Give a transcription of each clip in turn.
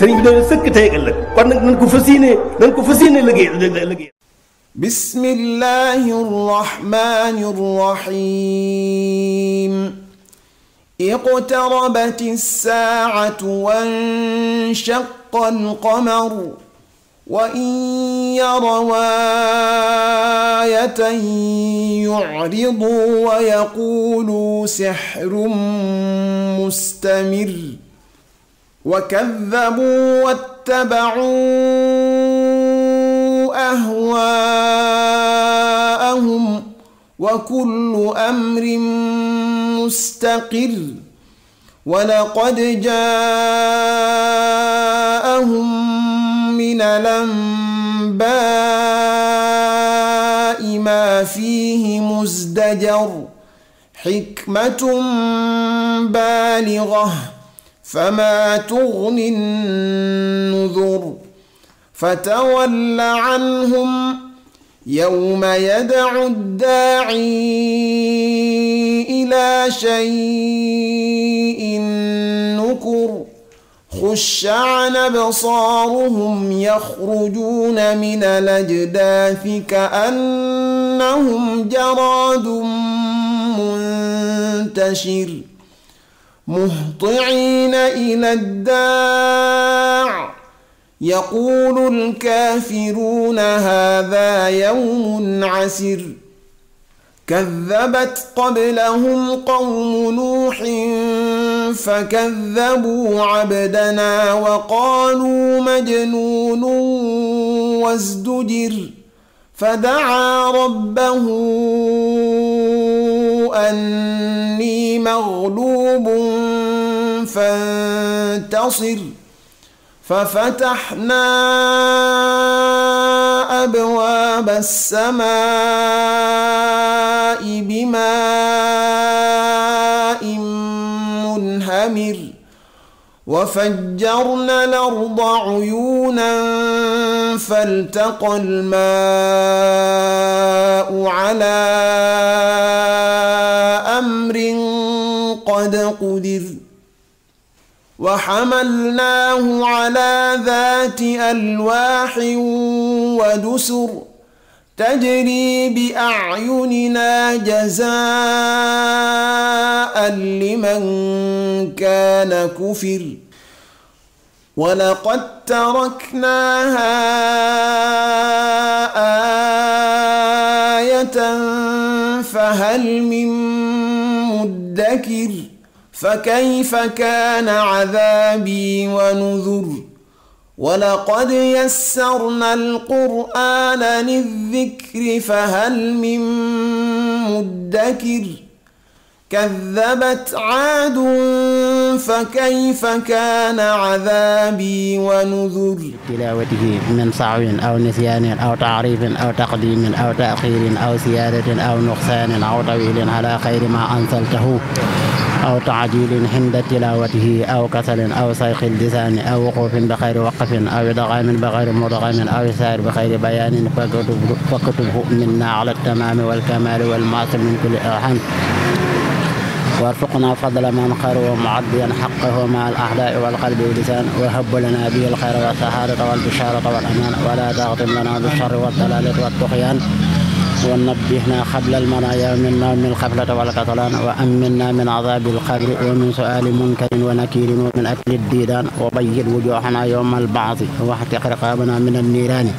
sëriñ bi dana sëkk tey ëllëg kon nag nañ ko fas yéene nañ ko fas yéene liggéey liggéey bismillahi rrahmani rrahim iqtarabat as-saa'atu wanshaqqa al-qamaru وإن يروا آية يعرضوا ويقولوا سحر مستمر وكذبوا واتبعوا اهواءهم وكل امر مستقر ولقد جاءهم من الانباء ما فيه مزدجر حكمه بالغه فما تغني النذر فتول عنهم يوم يدعو الداعي إلى شيء نكر خش عن أبصارهم يخرجون من الأجداث كأنهم جراد منتشر مهطعين إلى الداع يقول الكافرون هذا يوم عسر كذبت قبلهم قوم نوح فكذبوا عبدنا وقالوا مجنون وازدجر فدعا ربه أني مغلوب فانتصر ففتحنا أبواب السماء بماء منهمر وفجرنا الأرض عيونا فالتقى الماء على أمر قد قدر وحملناه على ذات ألواح ودسر تجري بأعيننا جزاء لمن كان كفر ولقد تركناها آية فهل من مدكر ۖ فكيف كان عذابي ونذر ولقد يسرنا القرآن للذكر فهل من مدكر ۖ كذبت عاد فكيف كان عذابي ونذر تلاوته من صعب أو نسيان أو تعريف أو تقديم أو تأخير أو زيادة أو نقصان أو طويل على خير ما أنزلته أو تعجيل عند تلاوته أو كسل أو سيخ اللسان أو وقوف بغير وقف أو إدغام بغير مدغم أو إسهار بغير بيان فاكتبه منا على التمام والكمال والمعصم من كل إرحام وارفقنا فضل من خير ومعديا حقه مع الأعداء والقلب واللسان وهب لنا به الخير والسعادة والبشارة والأمان ولا تغتم لنا بالشر والضلالة والطغيان ونبهنا قبل المنايا من نوم الخفلة والكسلان وأمنا من عذاب القبر ومن سؤال منكر ونكير ومن أكل الديدان وبيض وجوهنا يوم البعث واحتق رقابنا من النيران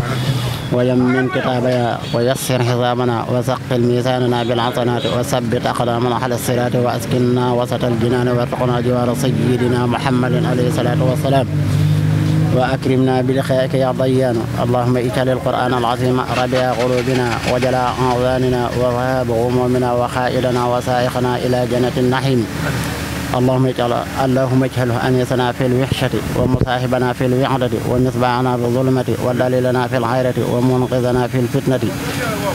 ويمن كتابنا ويسر حسابنا وثقل ميزاننا بالحسنات وثبت أقدامنا على الصراط وأسكننا وسط الجنان وارزقنا جوار سيدنا محمد عليه الصلاة والسلام وأكرمنا بلقائك يا ضيان اللهم اجعل القرآن العظيم ربيع قلوبنا وجلاء أعواننا وذهاب غمومنا وخائلنا وسائقنا إلى جنة النحيم اللهم اجعل اللهم اجعله أن يتنا في الوحشة ومصاحبنا في الوعدة ومتبعنا في الظلمة ودليلنا في العيرة ومنقذنا في الفتنة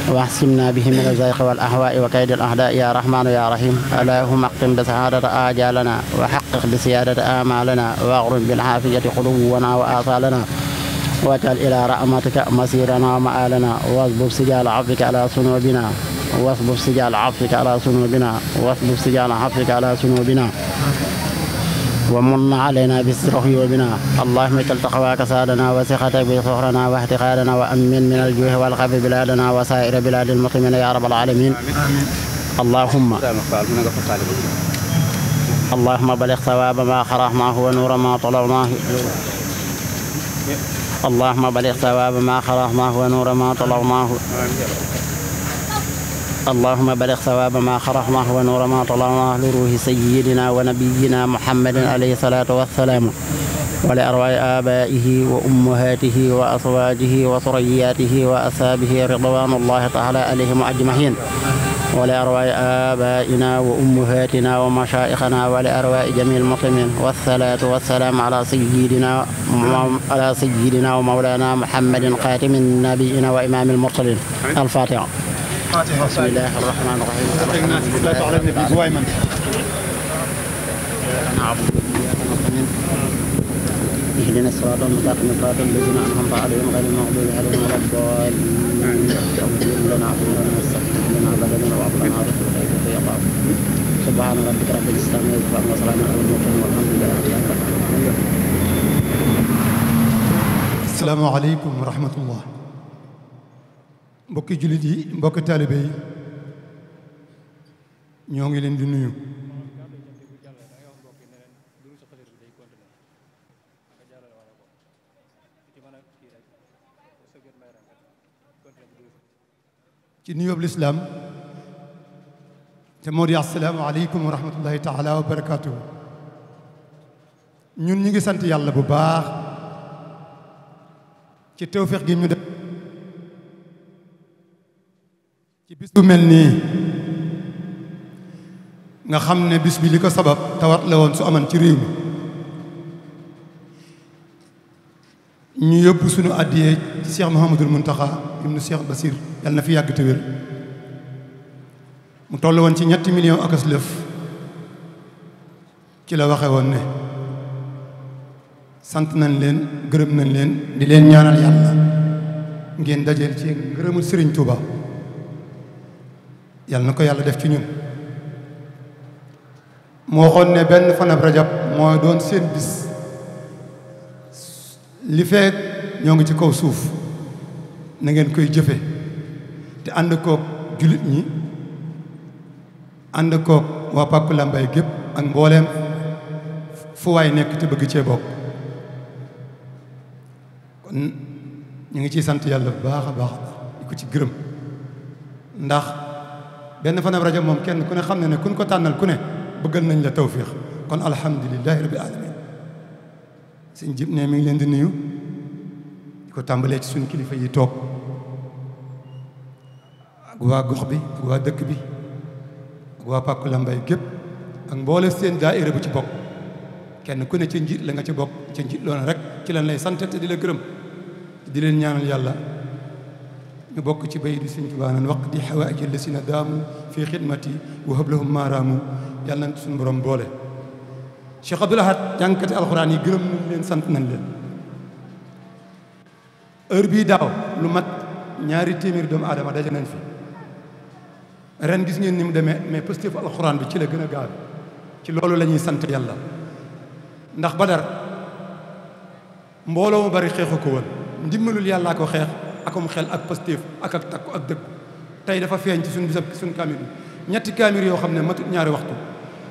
واحسمنا به من الزيق والأهواء وكيد الأعداء يا رحمن يا رحيم اللهم اقتم بسعادة آجالنا وحقق بسيادة آمالنا واغرم بالعافية قلوبنا وآصالنا واجعل إلى رحمتك مسيرنا ومآلنا واصبر سجال عفوك على سنوبنا واصبر سجال عفوك على ذنوبنا واصبر سجال عفوك على ذنوبنا ومن علينا بالسرح يومنا اللهم اجعل تقواك سادنا وثقتك بصهرنا واحتقالنا وامن من الجوع والخف بلادنا وسائر بلاد المسلمين يا رب العالمين اللهم اللهم بلغ ثواب ما خرجناه ونور ما طلبناه اللهم بلغ ثواب ما خرجناه ونور ما طلبناه اللهم بلغ ثواب ما خرحناه ونور ما طلعناه لروح سيدنا ونبينا محمد عليه الصلاة والسلام ولأرواح آبائه وأمهاته وأزواجه وثرياته وأصحابه رضوان الله تعالى عليهم أجمعين ولأرواح آبائنا وأمهاتنا ومشائخنا ولأرواح جميع المسلمين والصلاة والسلام على سيدنا على سيدنا ومولانا محمد خاتم النبيين وإمام المرسلين الفاتحة الفاتحة بسم الله الرحمن الرحيم لا تعلمني في جواي من أنا عبد اهدنا الصراط المستقيم صراط الذين أنعمت عليهم غير المغضوب عليهم ولا الضالين اللهم لنا عفوا واستغفر لنا بلدنا وعفونا سبحان ربك رب العزة عما يصفون وسلام على المرسلين والحمد لله رب العالمين السلام عليكم ورحمة الله mbokki jullit yi mbokki taalibe yi ñoo ngi leen di nuyu ci nuyoob lislaam te moo di assalaamu aleykum wa taala wa barakatuhu ñun ñi ngi sant yàlla bu baax ci tawfeex gi ñu def ci bis bu mel nii nga xam ne bis bi li ko sabab tawat la woon su aman ci réew ñu yóbbu suñu àddiyee ci Cheikh Mouhamadul Muntaxa ibnu Cheikh Basir yàlla na fi yàgg te mu toll woon ci ñetti million ak aslëf ci la waxe woon ne sant nañ leen gërëm nañ leen di leen ñaanal yàlla ngeen dajeel ci ngërëmul Sëriñ Tuuba yàlla na ko yàlla def ci ñun moo waxoon ne benn fanab rajab mooy doon seen bis li feek ñoo ngi ci kaw suuf na ngeen koy jëfe te ànd koog jullit ñi ànd koog waa Pàkku Làmbaay gépp ak mbooleem fu waay nekk te bëgg cee bokk kon ñu ngi ciy sant yàlla bu baax a baax di ko ci gërëm ndax benn fanab rajab moom kenn ku ne xam ne ne kun ko tànnal ku ne bëggal nañ la tawfiix kon alhamdulilahi rabbil alamin sëñ jib ne mi ngi leen di nuyu di ko tàmbalee ci suñu kilifa yi toog ak waa gox bi ak waa dëkk bi ak waa pàkku lambay gépp ak mboole seen daaira bu ci bokk kenn ku ne ci njiit la nga ci bokk ci njiit loona rek ci lan lay sant te di la gërëm di leen ñaanal yàlla ñu bokk ci bay di sëñ Tuubaa naan waq di xawaaji lasina daamu fi xidmati wa hablahum maaraamu yàlla na suñu borom boole Cheikh Abdoul Ahad jàngkati alxuraan yi gërëm nañ leen sant nañ leen heure bii daaw lu mat ñaari téeméeri doomu aadama daje nañ fi ren gis ngeen ni mu demee mais positif alxuraan bi ci la gën a gaaw ci loolu lañuy sant yàlla ndax Badar mbooloo mu bari xeexu ko woon ndimbalul yàllaa ko xeex akum xel ak pastéef ak ak takku ak dëkk tey dafa feeñ ci suñ bisab suñ kaamil bi ñetti kaamil yoo xam ne matut ñaari waxtu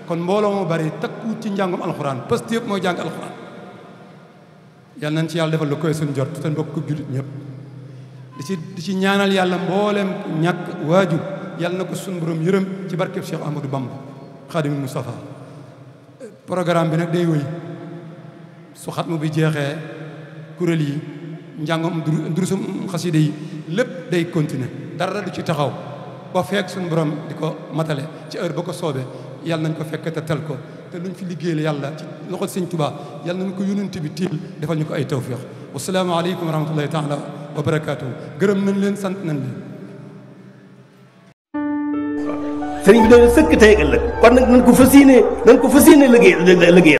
kon mbooloo moo bari takku ci njàngum alxuraan pastéef mooy jàng alxuraan yal nañ ci yàlla defal lu koy suñ jot te bokk ko jullit ñëpp di ci di ci ñaanal yàlla mbooleem ñàkk waaju yàlla na ko suñ borom yërëm ci barkeb Cheikh Ahmadou Bamba Xaadimul Mustafa programme bi nag day wéy su xatmu bi jeexee kuréel yi njàngum durusum xasida yi lépp day continuer dara di ci taxaw ba feek suñ borom di ko matale ci heure ba ko soobee yàlla nañ ko fekk tel ko te luñ fi liggéeyal yàlla ci loxo sëñ Tuubaa yàlla nañ ko yónnent bi tiil defal ñu ko ay tawfiix wasalaamu aleykum wa rahmatullahi taala wa barakaatu gërëm nañ leen sant nañ leen sëriñ bi dañu sëkk tey ëllëg kon nag nañ ko fas yéene nañ ko fas yéene liggéey